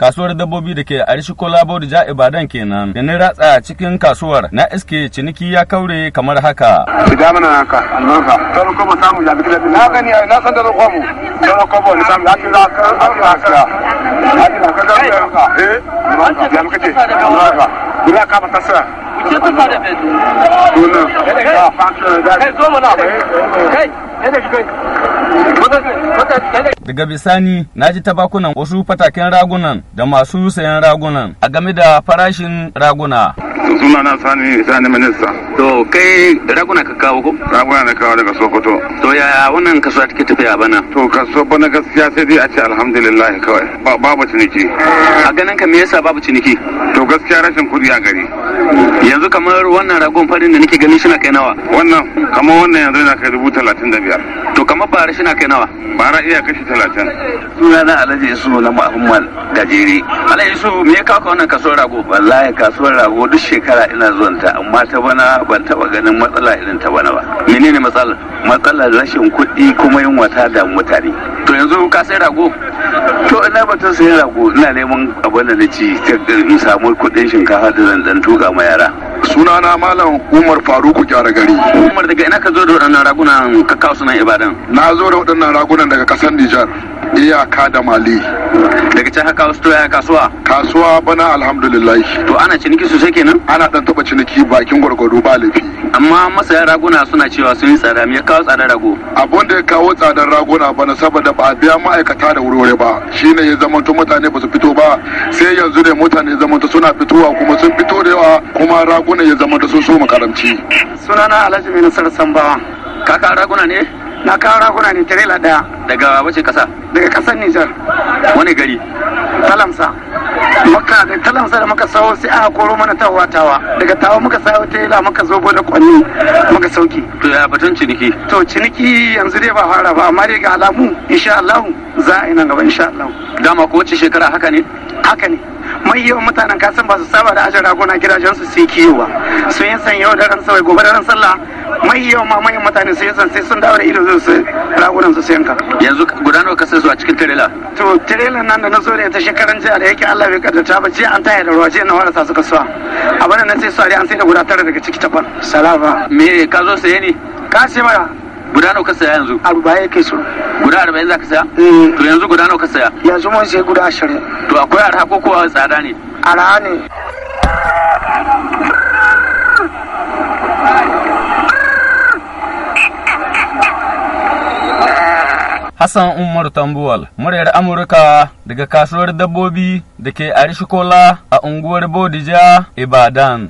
kasuwar dabbobi da ke Arishikola ja Ibadan kenan da ni ratsa cikin kasuwar na iske ciniki ya kaure kamar haka. mana haka, albarka. samu ya bi na gani na san da roƙo mu. ni samu ka ka Eh, ya ka ce bai kai kai daga bisani na ji tabakunan wasu fatakin ragunan da masu sayan ragunan a game da farashin raguna suna na sani sani minista to kai raguna ka kawo ko raguna na kawo daga sokoto to yaya wannan kasuwa take tafiya bana to kasuwa bana gaskiya sai dai a ce alhamdulillah kawai babu ciniki a ganin ka me yasa babu ciniki to gaskiya rashin kuɗi a gari yanzu kamar wannan ragon farin da nake gani shi na kai nawa wannan kamar wannan yanzu yana kai dubu talatin da biyar to kamar bara shi na kai nawa bara iya kashi talatin suna na alhaji isu na muhammad gajere alhaji isu me ya kawo wannan kasuwar rago wallahi kasuwar rago duk shekara ina zuwan ta amma ta bana ban taba ganin matsala irin ta bana ba menene matsalar matsalar rashin kuɗi kuma yunwa ta damu mutane to yanzu ka sai rago to ina ba ta sayi rago ina neman abin da na ci ta samu kuɗin shinkafa da zan tuka ma yara sunana malam umar faruku gyara gari umar daga ina ka zo da waɗannan ragunan ka kawo sunan ibadan na zo da waɗannan ragunan daga ƙasar nijar iyaka da mali daga can haka wasu toya kasuwa kasuwa bana alhamdulillah to ana ciniki sosai kenan ana dan taba ciniki bakin gwargwado ba laifi amma masaya raguna suna cewa sun yi tsada me kawo tsadar rago abun da ya kawo tsadar raguna bana saboda ba a biya ma'aikata da wurwuri ba shine ya zamanto mutane ba su fito ba sai yanzu ne mutane zamanta suna fitowa kuma sun fito da yawa kuma rago raguna ya zama da sun so makaranci sunana alhaji mai nasarar sambawa ka kawo raguna ne na kawo raguna ne tirela daya daga wace kasa daga kasar nijar wani gari talamsa maka da talamsa da maka sawo sai aka koro mana ta watawa. daga tawa muka sawo tirela muka zo da kwanni muka sauki to ya batun ciniki to ciniki yanzu dai ba fara ba amma dai ga alamu insha Allah za a yi nan gaba insha Allah dama ko wace shekara haka ne haka ne mai yawan mutanen kasan ba su saba da ajin ragona gidajen su sai kiwo ba sun yi san yau da ran sai gobe da ran sallah mai yawan ma manyan mutane sun yi san sai sun dawo da ido su ragunan su ka yanzu guda nawa kasar su cikin tirela to tirelan nan da na zo da ita shekaran jiya da yake Allah bai kaddata ba jiya an taya da ruwa jiya na warasa suka suwa a bana na sai su an sai da guda tara daga ciki tafan salama me ka zo saye ne ka ce mara guda nawa ka saya yanzu arba'in kai so guda arba'in za ka saya eh. to yanzu guda nawa ka saya yanzu mun sai guda ashirin to akwai arha ko kowa tsada ne arha ne Hassan Umar Tambuwal, muryar Amurka daga kasuwar dabbobi da ke Arishikola a unguwar Bodija, Ibadan.